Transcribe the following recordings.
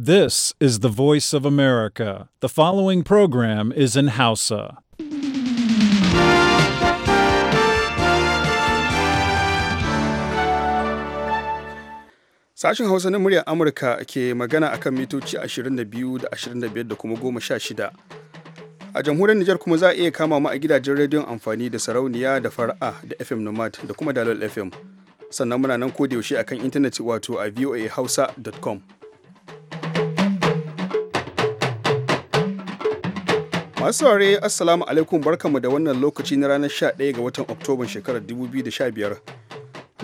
This is the voice of America. The following program is in Hausa. Sashen Hausa na muryar Amurka ke magana akan mitoci 22 da 25 da kuma 16. A jamhuriyar Nijar kuma za a iya kama mu a gidajen rediyon amfani da sarauniya da fara'a da FM Nomad da kuma Dalol FM. Sannan muna nan kodayaushe akan intanet wato a voahausa.com. Masu saurare Assalamu alaikum barkamu da wannan lokaci na ranar 11 ga watan oktoba shekarar 2015.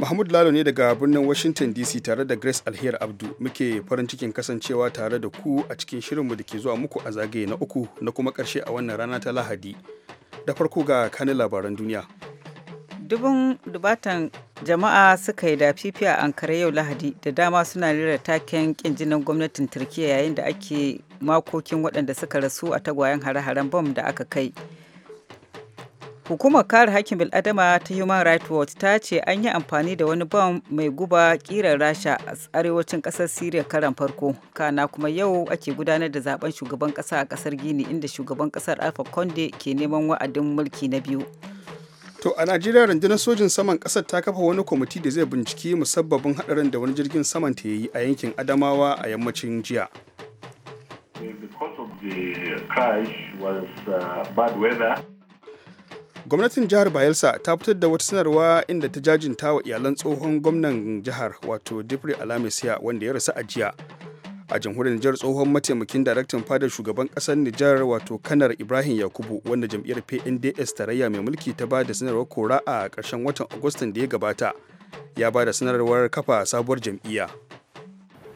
Mahmud Lalo ne daga birnin Washington DC tare da Grace alheri Abdu muke farin cikin kasancewa tare da ku a cikin shirinmu da ke zuwa muku a zagaye na uku na kuma karshe a wannan rana ta Lahadi. Da farko ga kanin labaran duniya. Dubun dubatan jama'a suka yi dafifi a Ankara yau Lahadi da dama suna rera taken kin gwamnatin Turkiyya yayin da ake makokin waɗanda suka rasu a tagwayen hare-haren bom da aka kai hukumar kare haƙƙin bil'adama ta human rights watch ta ce an yi amfani da wani bom mai guba ƙirar rasha a arewacin ƙasar siriya karan farko kana kuma yau ake gudanar da zaben shugaban ƙasa a kasar gini inda shugaban ƙasar alpha conde ke neman wa'adin mulki na biyu to a najeriya rundunar sojin saman ƙasar ta kafa wani kwamiti da zai binciki musabbabin hadarin da wani jirgin saman ta yi a yankin adamawa a yammacin jiya Uh, Gwamnatin jihar Bayelsa ta fitar da wata sanarwa inda ta jajinta wa iyalan tsohon gwamnan jihar wato Difri Alamisiya wanda ya rasa a jiya. a jamhuriyar Nijar tsohon mataimakin daraktan fadar shugaban kasar Nijar wato kanar Ibrahim Yakubu wanda jam'iyyar PNDS tarayya mai mulki ta ba da sanarwar kora a ƙarshen watan Agustan da ya gabata ya ba da sanarwar kafa sabuwar jam'iyya.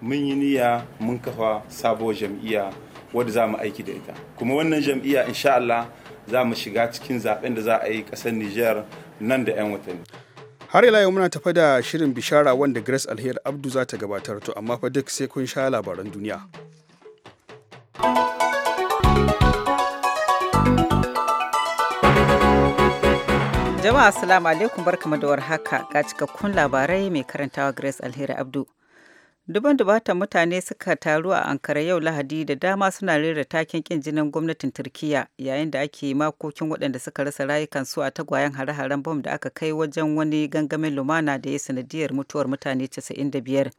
mun yi niyya mun kafa sabuwar jam'iyya wadda za mu aiki da ita kuma wannan jam'iyya insha Allah za mu shiga cikin zaben da za a yi ƙasar Nijar nan da 'yan watanni. Har ila yau muna tafa da shirin bishara wanda Grace Alheri Abdu za ta gabatar to amma fa duk sai kun sha labaran duniya. Jama'a assalamu alaikum barkamu da warhaka ga cikakkun labarai mai karantawa Grace Alheri Abdu. Duban dubatan mutane suka taru a Ankara yau Lahadi da dama suna rera takin kin jinin gwamnatin Turkiyya yayin da ake makokin waɗanda suka rasa rayukansu a tagwayen hare-haren bom da aka kai wajen wani gangamin lumana da ya sanadiyar mutuwar mutane 95.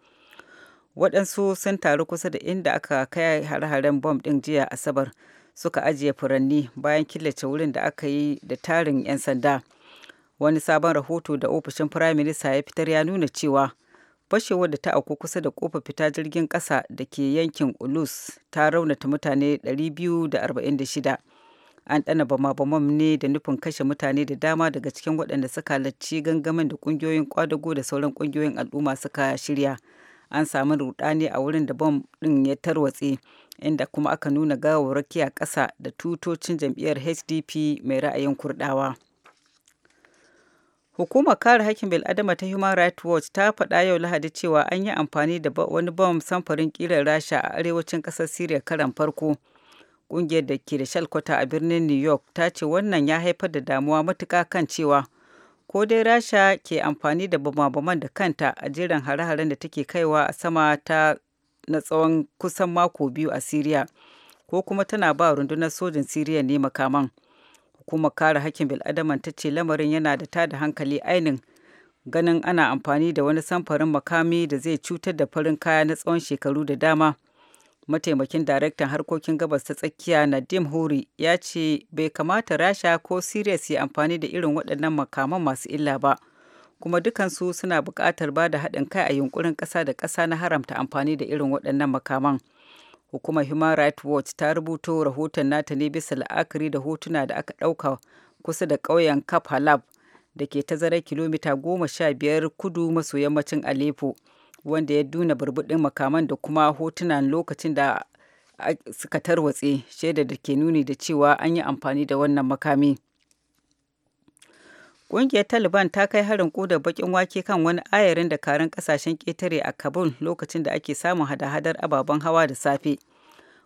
Waɗansu sun taru kusa da inda aka kai hare-haren bom ɗin jiya Asabar suka ajiye furanni bayan killace wurin da aka yi da tarin 'yan sanda. Wani sabon rahoto da ofishin Firayim Minista ya fitar ya nuna cewa fashewar da ta auku kusa da kofar fita jirgin kasa da ke yankin ulus ta raunata mutane 246 an ɗana bama-bamam ne da nufin kashe mutane da dama daga cikin waɗanda suka halarci gangamin da ƙungiyoyin kwadago da sauran ƙungiyoyin al'umma suka shirya an sami rudani a wurin da bom ɗin ya tarwatse inda kuma aka nuna gawar a ƙasa da tutocin jam'iyyar hdp mai ra'ayin kurɗawa. Hukumar kare hakkin bil'adama ta Human Rights Watch ta faɗa yau Lahadi cewa an yi amfani da wani bom samfurin ƙirar Rasha a arewacin ƙasar Siriya karan farko. Ƙungiyar da ke da shalkwata a birnin New York ta ce wannan ya haifar da damuwa matuƙa kan cewa ko dai Rasha ke amfani da bama-baman da kanta a jerin hare-haren da take kaiwa a sama ta na tsawon kusan mako biyu a Siriya ko kuma tana ba rundunar sojin Siriya ne makaman. hukumar kare hakkin bil'adaman ta ce lamarin yana da tada hankali ainin ganin ana amfani da wani samfarin makami da zai cutar da farin kaya na tsawon shekaru da dama mataimakin daraktan harkokin gabas ta tsakiya nadim huri ya ce bai kamata rasha ko siriya su yi amfani da irin waɗannan makaman masu illa ba kuma dukansu suna buƙatar ba da haɗin kai a yunkurin ƙasa da ƙasa na haramta amfani da irin waɗannan makaman. hukumar human rights watch ta rubuto rahoton nata ne bisa la'akari da hotuna da aka ɗauka kusa da ƙauyen kap halab da ke tazarar kilomita goma sha biyar kudu maso yammacin aleppo wanda ya duna burbuɗin makaman da kuma hotunan lokacin da suka tarwatse shaida da ke nuni da cewa an yi amfani da wannan makami Ƙungiyar Taliban ta kai harin ƙuda bakin wake kan wani ayarin da karin ƙasashen ƙetare a Kabul lokacin da ake samun hada-hadar ababen hawa da safe.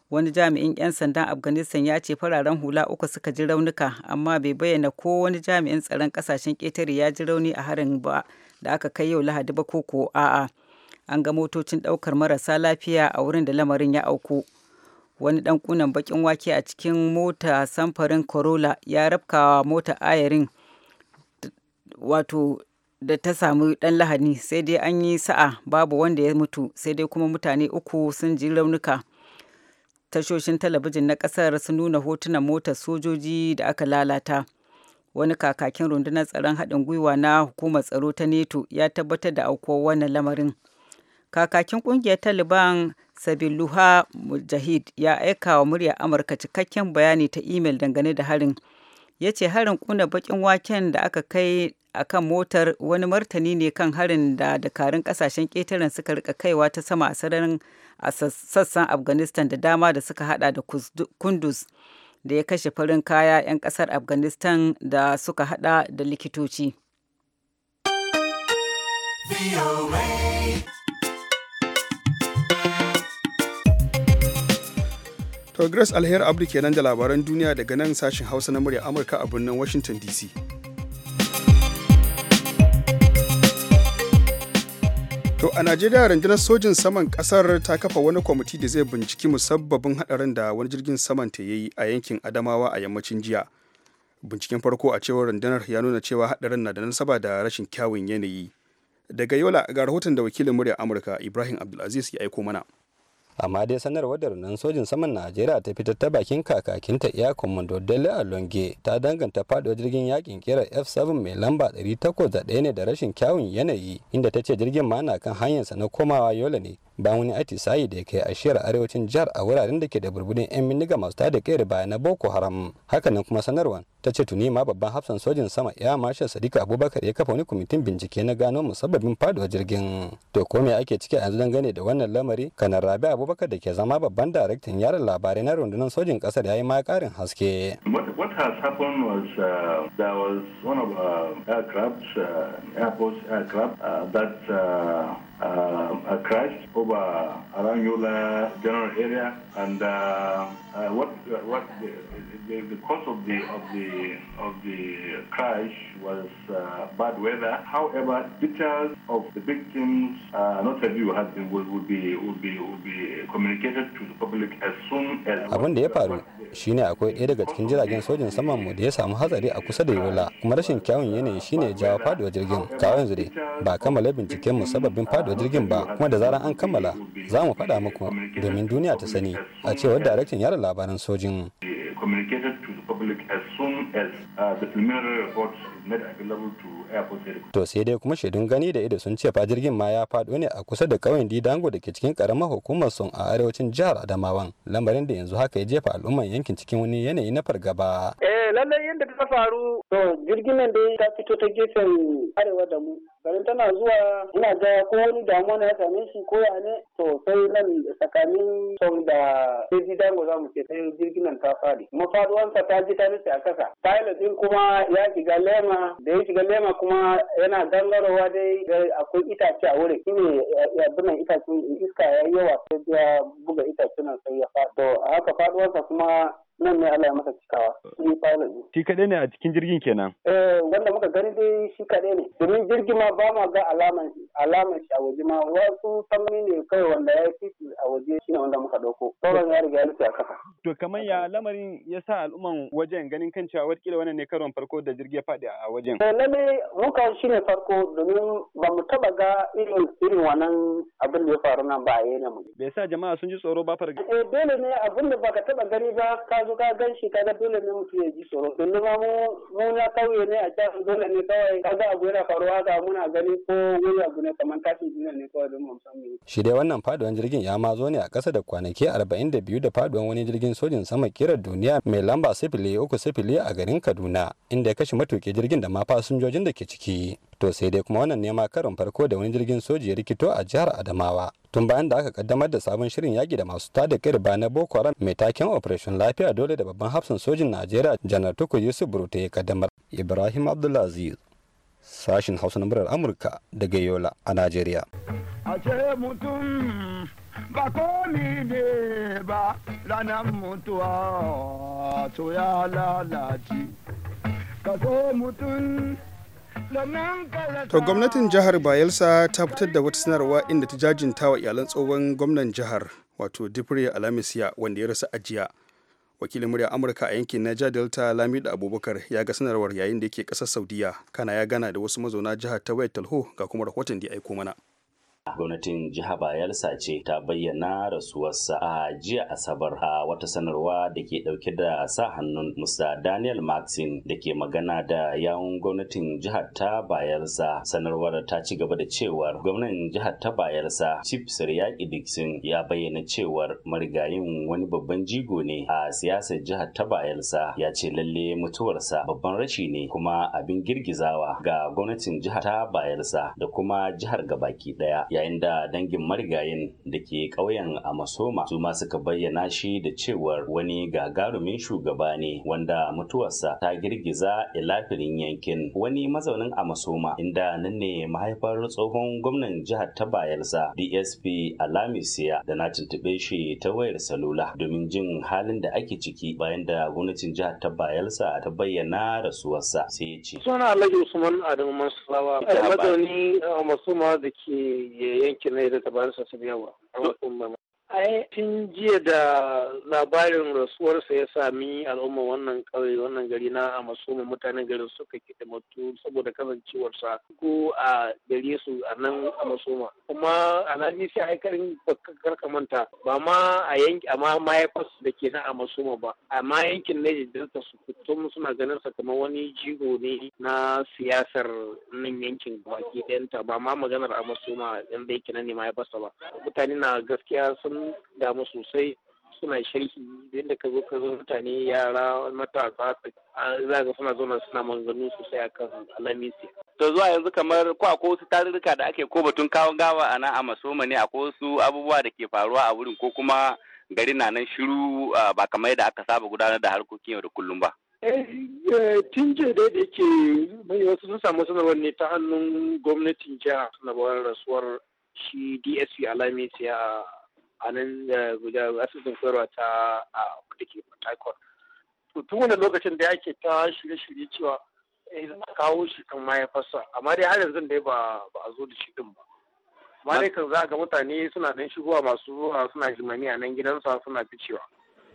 Wani jami'in 'yan sandan Afghanistan ya ce fararen hula uku suka ji raunuka, amma bai bayyana ko wani jami'in tsaron ƙasashen ƙetare ya ji rauni a harin ba da aka kai yau Lahadi ba ko ko a'a. An ga motocin ɗaukar marasa lafiya a wurin da lamarin ya auku. wani ɗan ƙunan bakin wake a cikin mota samfarin corolla ya rafkawa mota ayarin wato da ta samu ɗan lahani sai dai an yi sa'a babu wanda ya mutu sai dai kuma mutane uku sun ji raunuka tashoshin talabijin na ƙasar sun nuna hotunan motar sojoji da aka lalata wani kakakin rundunar tsaron haɗin gwiwa na hukumar tsaro ta neto ya tabbatar da aukuwar wannan lamarin kakakin ƙungiyar taliban sabiluha mujahid ya aika wa muryar amurka cikakken bayani ta imel dangane da harin ya ce harin kuna bakin waken da aka kai akan motar wani martani ne kan harin da dakarun kasashen ƙetaren suka rika kaiwa ta sama a sararin a sassan afghanistan da dama da suka hada da kunduz da ya kashe farin kaya 'yan kasar afghanistan da suka hada da likitoci To Grace Alher Abdu kenan da labaran duniya daga nan sashen Hausa na murya Amurka a birnin Washington DC. To a Najeriya rundunar sojin saman kasar ta kafa wani kwamiti da zai binciki musabbabin hadarin da wani jirgin saman ta yayi a yankin Adamawa a yammacin jiya. Binciken farko a cewar rundunar ya nuna cewa hadarin na da nasaba da rashin kyawun yanayi. Daga Yola ga rahoton da wakilin murya Amurka Ibrahim Abdulaziz ya aiko mana. amma dai sanarwar da rundunar sojin saman najeriya ta fitar ta bakin kakakin ta iya kwamando dele alonge ta danganta faduwar jirgin yakin kerar f7 mai lamba 801 ne da rashin kyawun yanayi inda ta ce jirgin ma na kan hanyarsa na komawa yola ne bayan wani atisayi da ya kai ashiyar arewacin jihar a wuraren da ke da burbudin yan bindiga masu tada kai baya na boko haram hakanan kuma sanarwar ta ce tuni ma babban hafsan sojin sama ya marshal sadiq abubakar ya kafa wani kwamitin bincike na gano musabbabin faduwar jirgin to ko me ake ciki yanzu dangane da wannan lamari kanar rabi abubakar da ke zama babban daraktan yaran labarai na rundunar sojin kasar ya yi ma haske what has happened was Uh, a crash over Arangula uh, general area, and uh, what what the, the, the, cause of the of the of the crash was bad weather. However, details of the victims' not review has been will, will be will be will be communicated to the public as soon as. Abin da ya faru shine akwai ɗaya daga cikin jiragen sojin saman mu da ya samu hatsari a kusa da Yola kuma rashin kyawun yanayi shine jawo faduwar jirgin. Kawo yanzu dai ba kammala binciken mu sababin da jirgin ba kuma da zaran an kammala za mu faɗa muku domin duniya ta sani a cewar daraktan yara labaran sojin To sai dai kuma shaidun gani da ido sun ce fa jirgin ma ya faɗo ne a kusa da ƙauyen Didango da ke cikin ƙaramar hukumar sun a arewacin jihar Adamawan. Lambarin da yanzu haka ya jefa al'umman yankin cikin wani yanayi na fargaba. Eh lallai yadda ta faru to jirgin nan dai ta fito ta gefen arewa da mu garin tana zuwa ina ga ko wani damuwa na ya same shi ko ya ne to sai nan tsakanin sau da sai dango za mu ce sai jirgin nan ta fadi kuma sa ta ji ta nufi a kasa pilot din kuma ya shiga lema da ya shiga lema kuma yana gangarowa dai akwai itace a wurin shine eh, nan itace iska ya yawa sai ya buga itace nan sai ya fadi to haka faduwansa kuma nan ne Allah ya masa cikawa shi pilot ne shi kadai ne a cikin jirgin kenan eh wanda muka gani dai shi kadai ne domin jirgin ma ba ma ga alaman alaman shi a waje ma wasu sanni ne kai wanda ya fi a waje shine wanda muka dauko sauran ya riga ya rufe a kasa to kamar ya lamarin ya sa al'umman wajen ganin kan cewa kila wannan ne karon farko da jirgi ya faɗi a wajen eh lalle muka shine farko domin ba mu taba ga irin irin wannan abin da ya faru nan ba a yana mu bai sa jama'a sun ji tsoro ba fargaba eh dole ne abin da baka taba gani ba ka zo ka gan shi kaga dole ne mutum ya ji tsoro tunda ba mu na kauye ne a can dole ne kawai kaga abu yana faruwa ga muna gani ko wani abu ne kamar tashin jina ne kawai don mu san me shi dai wannan faduwan jirgin ya ma zo ne a kasa da kwanaki 42 da faduwan wani jirgin sojin sama kirar duniya mai lamba sifili uku sifili a garin Kaduna inda ya kashe matuƙi jirgin da ma fasinjojin da ke ciki to sai dai kuma wannan nema karin farko da wani jirgin soji ya rikito a jihar adamawa tun bayan da aka kaddamar da sabon shirin yaki da masu tada kirba na boko haram mai taken operation lafiya dole da babban hafsan sojin najeriya janar tuku yusuf burute ya kaddamar ibrahim abdulaziz sashin hausa na murar amurka daga yola a najeriya ba mutuwa to ya lalace ka mutum To gwamnatin jihar Bayelsa ta fitar da wata sanarwa inda ta jajinta wa iyalan tsohon gwamnan jihar wato Dipre Alamisiya wanda ya rasa ajiya. Wakilin murya Amurka a yankin Niger Delta Lamida Abubakar ya ga sanarwar yayin da yake ƙasar Saudiya kana ya gana da wasu mazauna jihar ta wayat talho ga kuma rahoton da ya aiko mana. gwamnatin jiha bayelsa ce ta bayyana rasuwarsa a jiya asabar a wata sanarwa da ke dauke da sa hannun musa daniel martin da ke magana da yawun gwamnatin jihar ta bayelsa sanarwar ta ci gaba da cewar gwamnan jihar ta bayelsa chief siriyaki dixon ya bayyana cewar marigayin wani babban jigo ne a siyasar jihar ta bayelsa ya ce lalle mutuwarsa babban rashi ne kuma abin girgizawa ga gwamnatin jihar ta bayelsa da kuma jihar gabaki daya yayin da dangin marigayin da ke ƙauyen masoma, su ma suka bayyana shi da cewar wani gagarumin shugaba ne wanda mutuwarsa ta girgiza ilafirin yankin wani mazaunin a amasoma inda nan ne mahaifar tsohon gwamnan jihar ta bayelsa dsp alamisiya da na tuntuɓe shi ta wayar salula domin jin halin da ake ciki bayan da gwamnatin jihar ta bayelsa ta bayyana rasuwarsa sai ya ce suna alhaji usman adamu mansurawa mazauni masoma da ke yankin ne da tabarisa su yawa. ai tun jiya da labarin rasuwarsa ya sami al'umma wannan kawai wannan gari na amasoma mutanen garin suka matu saboda kasancewarsa ko a gare su a nan amasoma kuma alhaji sai aikarin karka manta ba ma a yanki amma mahaifas da ke na amasoma ba amma yankin Niger Delta su kutum suna ganin sa kamar wani jigo ne na siyasar nan yankin baki ɗayanta ba ma maganar amasoma yanda yake na ne mahaifasa ba mutane na gaskiya sun damu sosai suna sharhi yadda ka zo ka zo mutane yara matasa za ga suna zauna suna manzanni sosai kan alamisi to zuwa yanzu kamar ko a wasu tarurruka da ake ko batun kawo gawa a nan a masoma ne akwai abubuwa da ke faruwa a wurin ko kuma gari na nan shiru ba kamar yadda aka saba gudanar da harkokin yau da kullum ba eh, eh, tun dai da yake mai wasu sun samu sanarwar ne ta hannun gwamnatin jiha sanarwar rasuwar shi dsp alamisi a a nan eh, asibitin koyarwa ta da ke Port To Tun wani lokacin da yake ta shirye-shirye cewa ya eh, kawo shi kan mahaifarsa amma dai har yanzu dai ba a zo da shi din ba. Amma dai kan za ga mutane suna nan shigowa masu zuwa suna jimami a nan gidansa suna ficewa.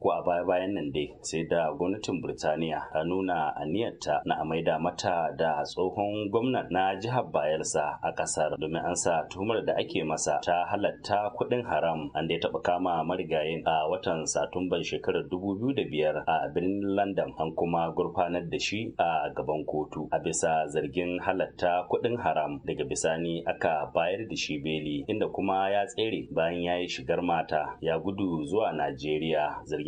ko a baya bayan nan dai sai da gwamnatin Birtaniya ta nuna aniyarta na amaida mata da tsohon gwamnan na jihar Bayelsa a kasar domin an sa tuhumar da ake masa ta halatta kuɗin haram an dai taɓa kama marigayin a watan Satumban shekarar dubu biyu da biyar a birnin London an kuma gurfanar da shi a gaban kotu a bisa zargin halatta kuɗin haram daga bisani aka bayar da shi beli inda kuma ya tsere bayan ya yi shigar mata ya gudu zuwa Najeriya zargin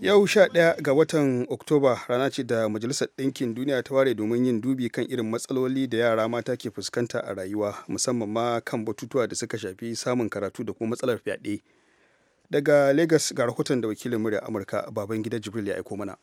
Yau sha ɗaya ga watan Oktoba rana ce da Majalisar Ɗinkin Duniya ta ware domin yin dubi kan irin matsaloli da yara mata ke fuskanta a rayuwa musamman ma kan batutuwa da suka shafi samun karatu da kuma matsalar fyaɗe. Daga Legas ga rahoton da wakilin murya Amurka Babangida Jibril ya aiko mana.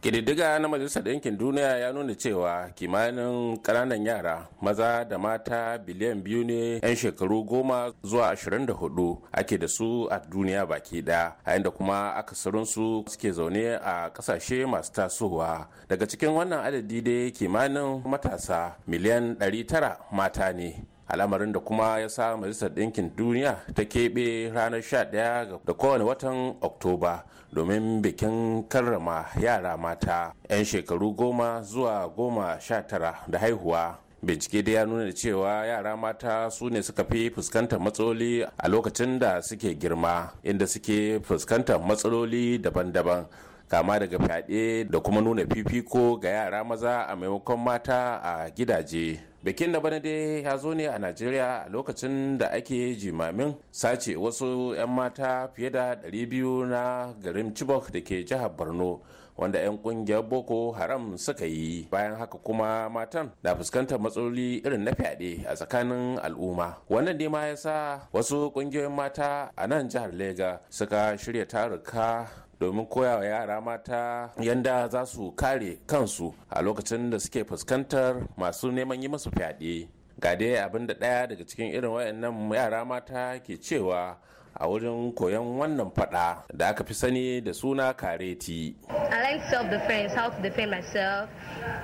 kididdiga na majalisar ɗinkin duniya ya nuna cewa kimanin ƙananan yara maza da mata biliyan biyu ne 'yan shekaru goma zuwa ashirin da hudu ake da su a duniya baki ɗaya a da kuma akasarinsu suke zaune a ƙasashe masu tasowa daga cikin wannan adadi dai kimanin matasa miliyan 900 mata ne al'amarin da kuma ya sa majalisar ɗinkin duniya ta keɓe ranar 11 da kowane watan oktoba domin bikin karrama yara mata 'yan shekaru goma zuwa goma sha tara da haihuwa bincike da ya nuna cewa yara mata su ne suka fi fuskantar matsaloli a lokacin da suke girma inda suke fuskantar matsaloli daban-daban kama daga fyaɗe da kuma nuna fifiko ga yara maza a maimakon mata a gidaje bikin da bana dai ya zo ne a najeriya a lokacin da ake jimamin sace wasu 'yan mata fiye da 200 na garin chibok da ke jihar borno wanda 'yan kungiyar boko haram suka yi bayan haka kuma matan na fuskantar matsaloli irin na fyaɗe a tsakanin al'umma wannan ne ma ya sa wasu kungiyoyin mata a nan jihar lega suka shirya taruka domin koya wa yara mata yanda za su kare kansu a lokacin da suke fuskantar masu neman yi musu fyaɗe ga dai abin da ɗaya daga cikin irin wayannan yara mata ke cewa a wurin koyon wannan fada da aka fi sani da suna kareti. I like self-defense, how to defend myself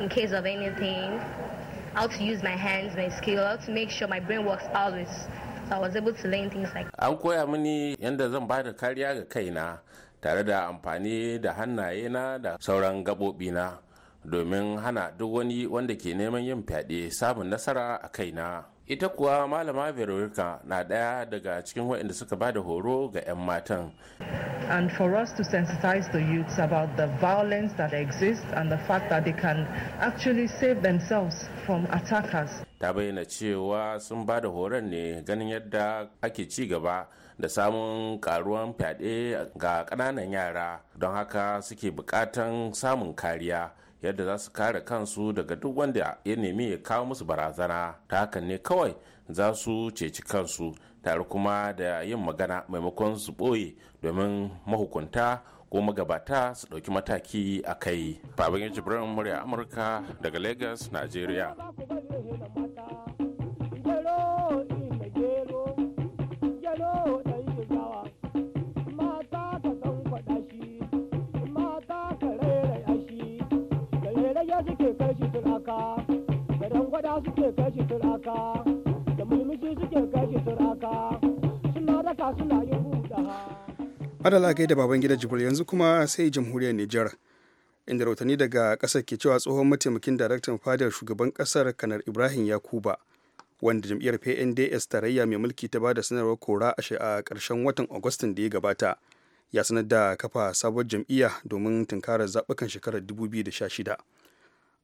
in case of anything, how to use my hands, my skill, how to make sure my brain works always. So I was able to learn things like An koya mini yadda zan bada kariya ga kaina tare da amfani da hannaye na da sauran gabobi na domin hana duk wani wanda ke neman yin fyaɗe samun nasara a kaina ita kuwa malama veronica na ɗaya daga cikin waɗanda suka ba da horo ga 'yan matan and for us to sensitize the youths about the violence that exists and the fact that they can actually save themselves from attackers ta bayyana cewa sun ba da horon ne ganin yadda ake ci gaba da samun karuwan fyaɗe ga ƙananan yara don haka suke buƙatan samun kariya yadda za su kare kansu daga duk wanda ya nemi ya kawo musu barazana ta hakan ne kawai za su ceci kansu tare kuma da yin magana maimakon su ɓoye domin mahukunta ko magabata su ɗauki mataki a kai. Babangin Jibrin murya Amurka daga Lagos, Najeriya. turaka da suke kashi da mulmushi suke kashi turaka suna suna yin adala da baban gida jibril yanzu kuma sai jamhuriyar nijar inda rautani daga kasar ke cewa tsohon mataimakin daraktan fadar shugaban kasar kanar ibrahim yakuba wanda jam'iyyar pnds tarayya mai mulki ta bada sanarwar kora a ƙarshen watan agustin da ya gabata ya sanar da kafa sabuwar jam'iyya domin tunkarar zaɓukan shekarar 2016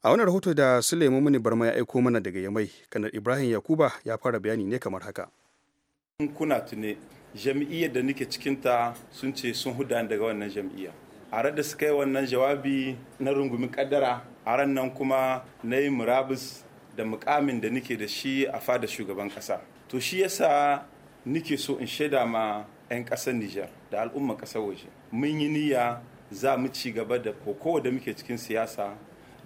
a wani rahoto da suleiman mini barma ya aiko mana daga yamai kanar ibrahim yakuba ya fara bayani ne kamar haka kuna tune jam'iyyar da nake cikinta sun ce sun huda daga wannan jam'iyya a da suka yi wannan jawabi na rungumin kaddara a ran nan kuma na yi murabus da mukamin da nake da shi a fada shugaban kasa to shi yasa nike so in shaida ma 'yan ƙasar Nijar da al'umman ƙasar waje mun yi niyya za mu ci gaba da kokowa da muke cikin siyasa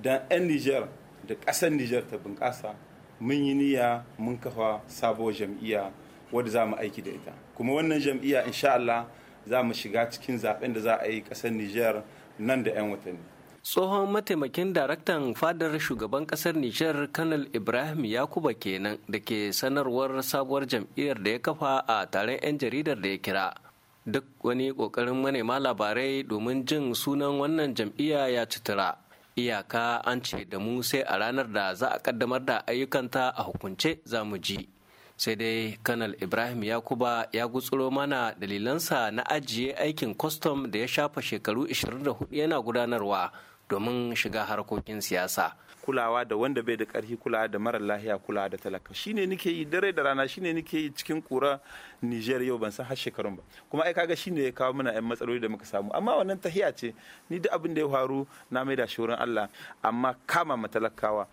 don 'yan Nijar da ƙasar Nijar ta bunƙasa mun yi niyya mun kafa sabuwar jam'iyya wadda za mu aiki da ita kuma wannan jam'iyya insha Allah za mu shiga cikin zaben da za a yi ƙasar Nijar nan da 'yan watanni tsohon mataimakin daraktan fadar shugaban kasar Nijar kanal ibrahim yakuba kenan da ke sanarwar sabuwar jam'iyyar da ya kafa a taron 'yan jaridar da ya kira duk wani kokarin manema labarai domin jin sunan wannan jam'iyya ya cutura. iyaka an ce da mu sai a ranar da za a kaddamar da ayyukanta a hukunce za mu ji sai dai kanal ibrahim yakuba ya gutsuro mana dalilansa na ajiye aikin kwastam da ya shafa shekaru 24 yana gudanarwa domin shiga harkokin siyasa kulawa da wanda bai da ƙarfi kulawa da mara lahiya kulawa da talaka shine nike yi dare da rana shine nike yi cikin kura Niger yau ban san har shekarun ba kuma ai kaga shine ya kawo mana 'yan matsaloli da muka samu amma wannan tahiya ce ni duk abin da ya faru na mai da shi wurin Allah amma kama matalakawa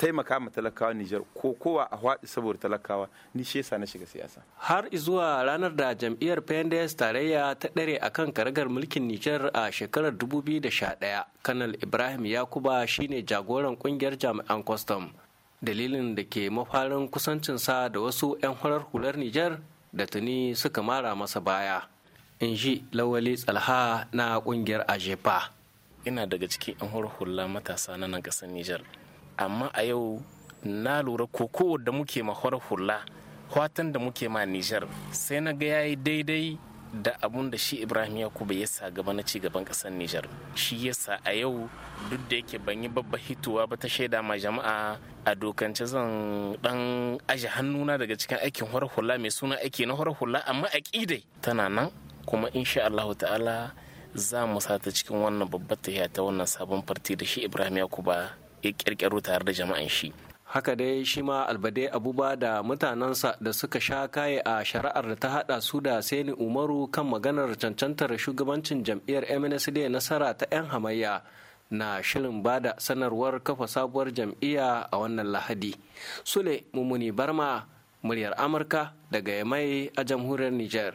taimaka ma talakawa Nijar ko kowa a haɗu saboda talakawa ni shi yasa na shiga siyasa. Har zuwa ranar da jam'iyyar PNDS tarayya ta ɗare kan karagar mulkin Nijar a shekarar 2011, Kanal Ibrahim Yakuba shine jagoran ƙungiyar jami'an kwastam. Dalilin da ke mafarin kusancinsa da wasu 'yan hular hular Nijar da tuni suka mara masa baya. In ji Lawali Tsalha na ƙungiyar Ajefa. Ina daga cikin 'yan hular matasa na nan ƙasar Nijar. amma a yau na lura koko da muke mahwar hula fatan da muke ma nijar sai na ga yayi daidai da abun da shi ibrahim yakubu ya sa gaba na cigaban kasar nijar shi yasa a yau duk da yake ban yi babba hituwa ba ta shaida ma jama'a a dokance zan dan aje hannuna daga cikin aikin hula mai suna aiki na hula amma aƙidai tana nan kuma insha allahu ta'ala za mu sata cikin wannan babbar tahiya ta wannan sabon farti da shi ibrahim yakuba kirkiro tare da jama'an shi haka dai shi ma albade abuba da mutanensa da suka sha kaye a shari'ar da ta haɗa su da seni umaru kan maganar cancantar shugabancin jam'iyyar mnsd nasara ta 'yan hamayya na shirin ba da sanarwar kafa sabuwar jam'iyya a wannan lahadi sule mummuni barma muryar amurka daga yamai a jamhuriyar Nijar.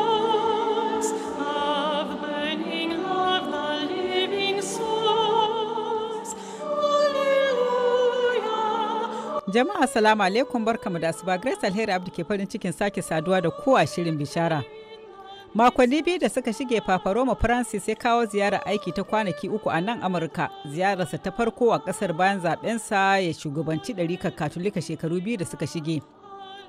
Jama'a salamu alaikum barkamu da asuba Grace Alheri Abdi ke farin cikin sake saduwa da kowa shirin bishara. Makonni biyu da suka shige Paparoma Francis ya kawo ziyara aiki ta kwanaki uku a nan Amurka, ziyararsa ta farko a kasar bayan sa ya shugabanci ɗarikar Katolika shekaru biyu da suka shige.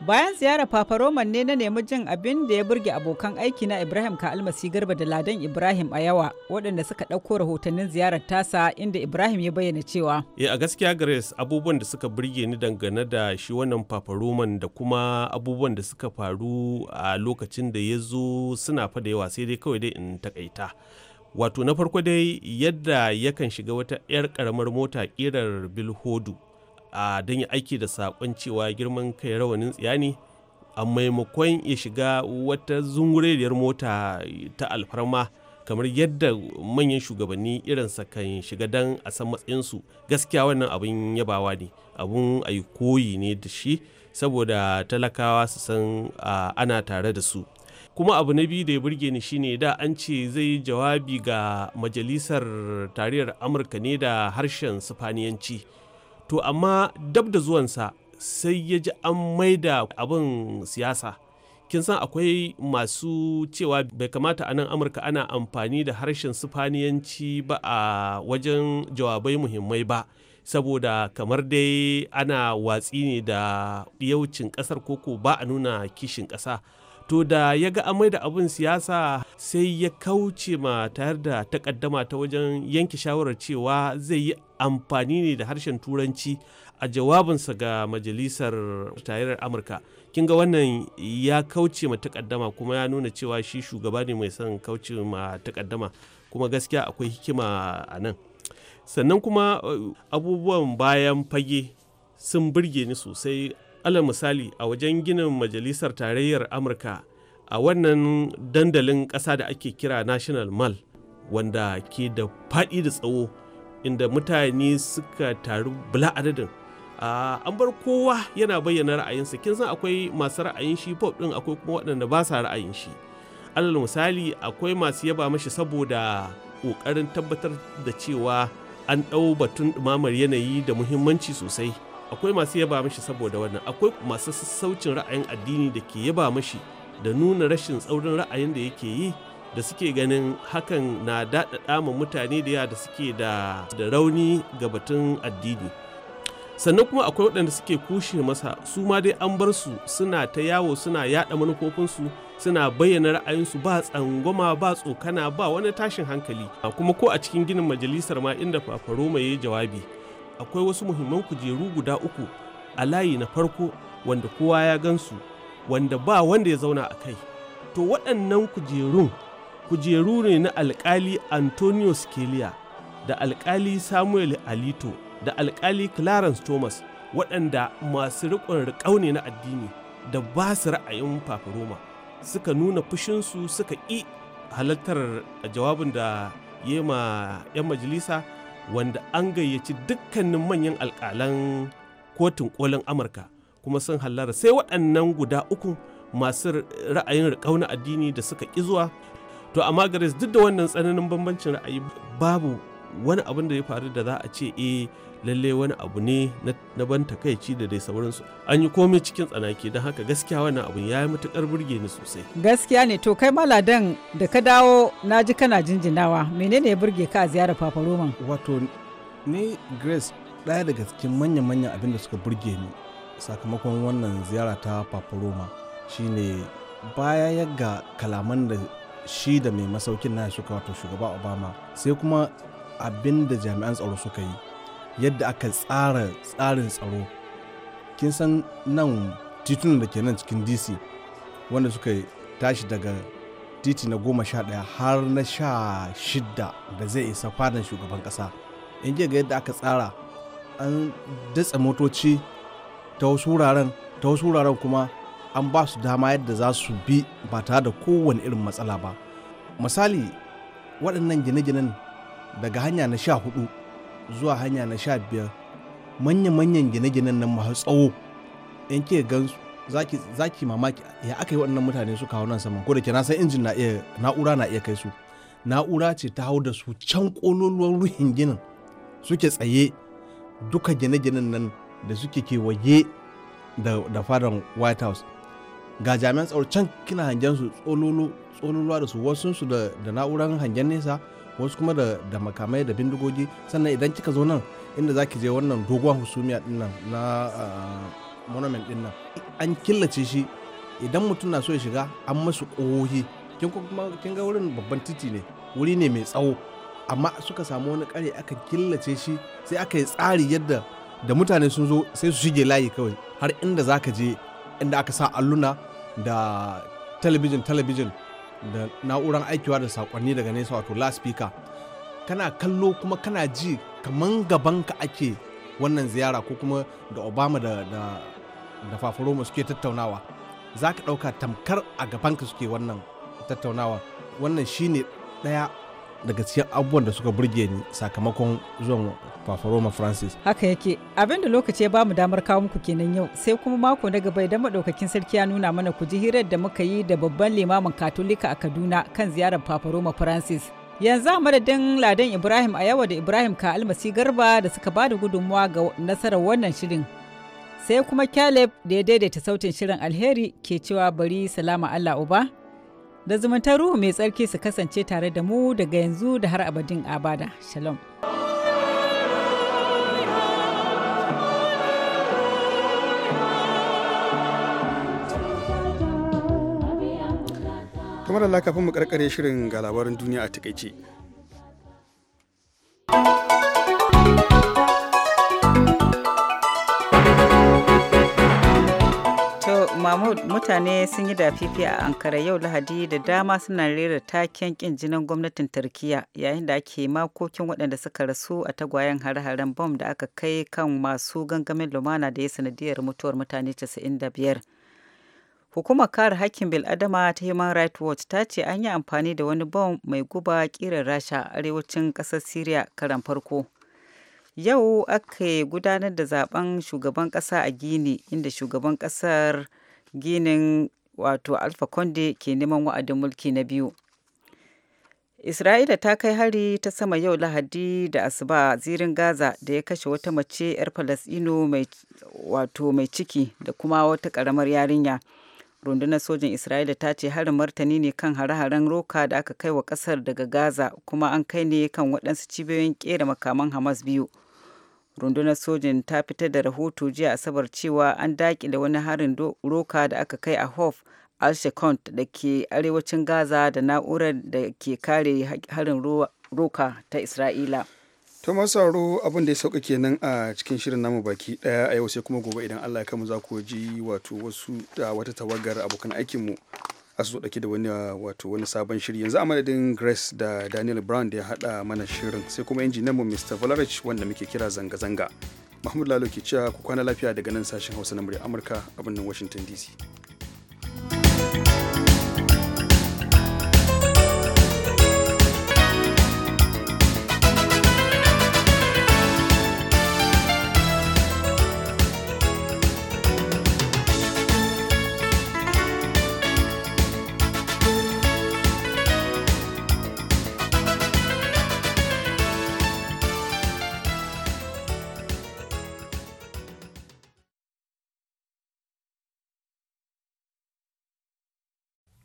bayan ziyarar Roman ne na nemi jin abin da ya burge abokan aiki na ibrahim ka almasi garba da ladan ibrahim a yawa waɗanda suka ɗauko rahotannin ziyarar tasa inda ibrahim ya bayyana cewa e a gaskiya grace abubuwan da suka burge ni dangane da shi wannan Roman da kuma abubuwan da suka faru a lokacin da ya zo suna fa da yawa sai dai kawai dai in takaita wato na farko dai yadda yakan shiga wata 'yar karamar mota ƙirar bilhodu A don yi aiki da saƙon cewa girman kai rawanin tsiyani a maimakon ya shiga wata zungureriyar mota ta alfarma kamar yadda manyan shugabanni irinsa kan shiga dan a san matsayinsu gaskiya wannan abin yabawa ne abun a koyi ne da shi saboda talakawa su san ana tare da su kuma abu na biyu da ya burge ni shine da an ce zai jawabi ga majalisar tarayyar amurka ne da harshen sifaniyanci to amma dab da zuwansa sai ya ji an maida abin siyasa kin san akwai masu cewa bai kamata a nan amurka ana amfani da harshen sifaniyanci ba a wajen jawabai muhimmai ba saboda kamar dai ana watsi ne da yaucin kasar koko ba a nuna kishin kasa to da ya ga amai da abin siyasa sai ya kauce ma tayar da takaddama ta wajen yanke shawarar cewa zai yi amfani ne da harshen turanci a jawabinsa ga majalisar tayar amurka kin ga wannan ya kauce ma takaddama kuma ya nuna cewa shi shugaba ne mai son kauce ma takaddama kuma gaskiya akwai hikima a nan sannan kuma eh, abubuwan bayan fage sun birge ni sosai alal misali a wajen ginin majalisar tarayyar amurka a wannan dandalin ƙasa da ake kira national mall wanda ke da faɗi da tsawo inda mutane suka taru bula adadin an bar kowa yana bayyana ra'ayinsa kin san akwai masu ra'ayin shi pop din akwai kuma waɗanda ba sa ra'ayin shi alal misali akwai masu yaba mashi saboda ƙoƙarin tabbatar da cewa an ɗau batun ɗumamar yanayi da muhimmanci sosai akwai masu yaba mashi saboda wannan akwai masu sassaucin ra'ayin addini da ke yaba mashi da nuna rashin tsaurin ra'ayin da yake yi da suke ganin hakan na daɗaɗa ma mutane da yawa da suke da rauni ga batun addini sannan kuma akwai waɗanda suke kushe masa su ma dai an bar su suna ta yawo suna yaɗa manufofinsu suna bayyana ra'ayinsu ba tsangwama ba tsokana ba wani tashin hankali kuma ko a cikin ginin majalisar ma inda fafaro mai yi jawabi akwai wasu muhimman kujeru guda uku a layi na farko wanda kowa ya gansu wanda ba wanda ya zauna a kai to waɗannan kujerun kujeru ne na alkali antonio scalia da alkali samuel alito da alkali clarence thomas waɗanda masu riƙon riƙau ne na addini da ba su ra'ayin fafaroma suka nuna fushinsu suka ƙi halartar jawabin da ma 'yan majalisa wanda an gayyaci dukkanin manyan alkalan kotun kolin amurka kuma sun hallara sai waɗannan guda uku masu ra'ayin riƙau addini da suka ƙi zuwa to amma gares duk da wannan tsananin bambancin ra'ayi babu wani abin da ya faru da za a ce eh lalle wani abu ne na ban takaici da dai sauransu an yi komai cikin tsanaki don haka gaskiya wannan abu ya yi matukar burge ni sosai gaskiya ne to kai maladan da ka dawo na ji kana jinjinawa menene ya burge ka a ziyarar papa roman wato ni grace ɗaya daga cikin manya-manyan abin da suka burge ni sakamakon wannan ziyara ta papa roma shine baya yaga kalaman da shi da mai masaukin na shuka wato shugaba obama sai kuma abin da jami'an tsaro suka yi yadda aka tsara tsarin tsaro kin san nan titunan da ke nan cikin dc wanda suka tashi daga titi na goma sha ɗaya har na sha shidda da zai isa fadan shugaban ƙasa in ga yadda aka tsara an datsa motoci ta wasu wuraren ta wasu wuraren kuma an ba su dama yadda za su bi ba tare da kowane irin matsala ba misali waɗannan gine-ginen daga hanya na sha hudu zuwa hanya na sha biyar manya-manyan gine-ginen nan masu tsawo in ke gansu za ki mamaki ya aka yi waɗannan mutane su kawo nan saman ko da ke na san injin na'ura na iya kai su na'ura ce ta hau da su can ƙololuwan ruhin ginin suke tsaye duka gine-ginen nan da suke kewaye da fadan white house ga jami'an tsaro can kina hangen su tsololuwa da su Wasu su da na'urar hangen nesa wasu kuma da makamai da bindigogi sannan idan kika zo nan inda zaki je wannan doguwar husumiya din na ah, monument din nan an killace shi idan mutum na so ya shiga an masu ƙohohi kin kuma kin ga wurin babban titi ne wuri ne mai tsawo amma suka samu wani kare aka killace shi sai aka yi tsari yadda da mutane sun zo sai su shige layi kawai har inda zaka je inda aka sa alluna da talabijin talabijin da na'urar aikiwa da sakonni daga nesa wato speaker kana kallo kuma kana ji kaman gabanka ake wannan ziyara ko kuma da obama da da, da suke tattaunawa za ka ɗauka tamkar a gabanka suke wannan tattaunawa wannan shine ɗaya daga cikin abubuwan da suka burge ni sakamakon zuwan Paparoma Francis. Haka yake abin da lokaci ya ba mu damar kawo muku kenan yau sai kuma mako na gaba idan madaukakin sarki ya nuna mana ku ji hirar da muka yi da babban limamin Katolika a Kaduna kan ziyarar fafaroma Francis. Yanzu a madadin Ladan Ibrahim a yawa da Ibrahim ka almasi garba da suka ba da gudunmuwa ga nasarar wannan shirin. Sai kuma Caleb da ya daidaita sautin shirin alheri ke cewa bari salama Allah uba. da zumuntar ruhu mai tsarki su kasance tare da mu daga yanzu da har abadin abada shalom kamar Allah kafin mu karkare shirin ga labarin duniya a takaice mahmud mutane sun yi dafifi a ankara yau lahadi da dama suna rera taken kin jinin gwamnatin turkiya yayin da ake makokin waɗanda suka rasu a tagwayen hare-haren bom da aka kai kan masu gangamin lumana da ya sanadiyar mutuwar mutane 95 hukumar kare hakkin bil'adama ta human rights watch ta ce an yi amfani da wani bom mai guba kiran rasha a arewacin ƙasar syria karan farko yau aka gudanar da zaben shugaban ƙasa a gini inda shugaban kasar ginin wato alfa konde ke neman wa'adin mulki na biyu isra'ila ta kai hari ta sama yau lahadi da asuba a zirin gaza da ya kashe wata mace 'yar falasino mai wato mai ciki da kuma wata karamar yarinya rundunar sojin isra'ila ta ce harin martani ne kan hare-haren roka da aka kai wa kasar daga gaza kuma an kai ne kan waɗansu cibiyoyin ƙera makaman hamas biyu rundunar sojin ta fitar da rahoto jiya asabar cewa an dakile wani harin roka da aka kai a hof al da ke arewacin gaza da na'urar da ke kare harin roka ta isra'ila masu Sauro abin da ya sauka kenan a cikin shirin namu baki daya a yau sai kuma gobe idan Allah ya kama za ku ji wato wasu da wata tawagar abokan aikinmu a su dauke da wani ah, wato wani sabon shiri yanzu a madadin grace da daniel brown da ya hada mana shirin sai kuma injiniyan mu mr valarich wanda muke kira zanga-zanga mahmud lalo ke cewa ku kwana lafiya daga nan sashen hausa na murya amurka a birnin washington dc